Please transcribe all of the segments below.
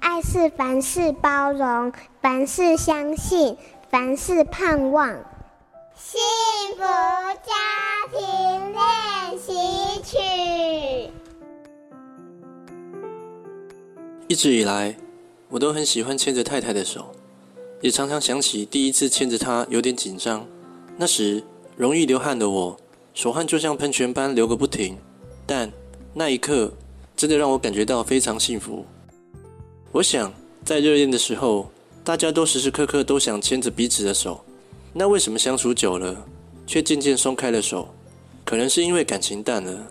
愛是凡事包容，凡事相信，凡事盼望。幸福家庭練習曲。一直以來，我都很喜歡牽着太太的手，也常常想起第一次牽着她，有點緊張，那時容易流汗的我，手汗就像噴泉般流個不停。但那一刻，真的讓我感覺到非常幸福。我想，在熱戀的時候，大家都時時刻刻都想牽着彼此的手。那為什麼相處久了，卻漸漸鬆開了手？可能是因為感情淡了，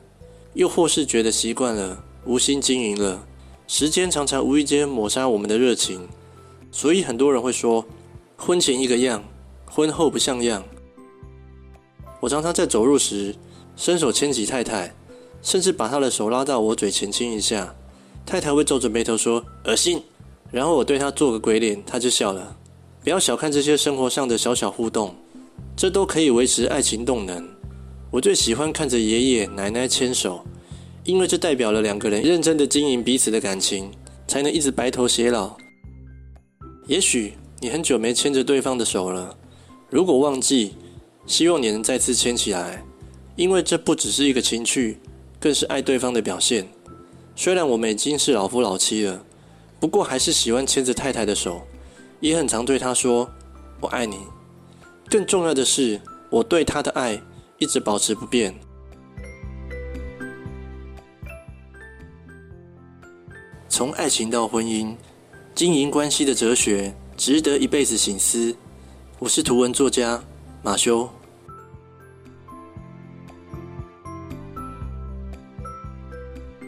又或是覺得習慣了，無心經營了。時間常常無意間抹殺我們的熱情，所以很多人會說，婚前一個樣，婚後不像樣。我常常在走路時，伸手牽起太太，甚至把她的手拉到我嘴前親一下。太太會皺着眉頭說：“噁心。”然後我對她做個鬼臉，她就笑了。不要小看這些生活上的小小互動，這都可以維持愛情動能。我最喜歡看着爺爺奶奶牽手，因為這代表了兩個人認真的經營彼此的感情，才能一直白頭偕老。也許你很久沒牽着對方的手了，如果忘記，希望你能再次牽起來，因為這不只是一個情趣，更是愛對方的表現。雖然我們已經是老夫老妻了，不過還是喜歡牽着太太的手，也很常對她說“我愛你”。更重要的是，我對她的愛一直保持不變。從愛情到婚姻，經營關係的哲學，值得一輩子省思。我是圖文作家馬修。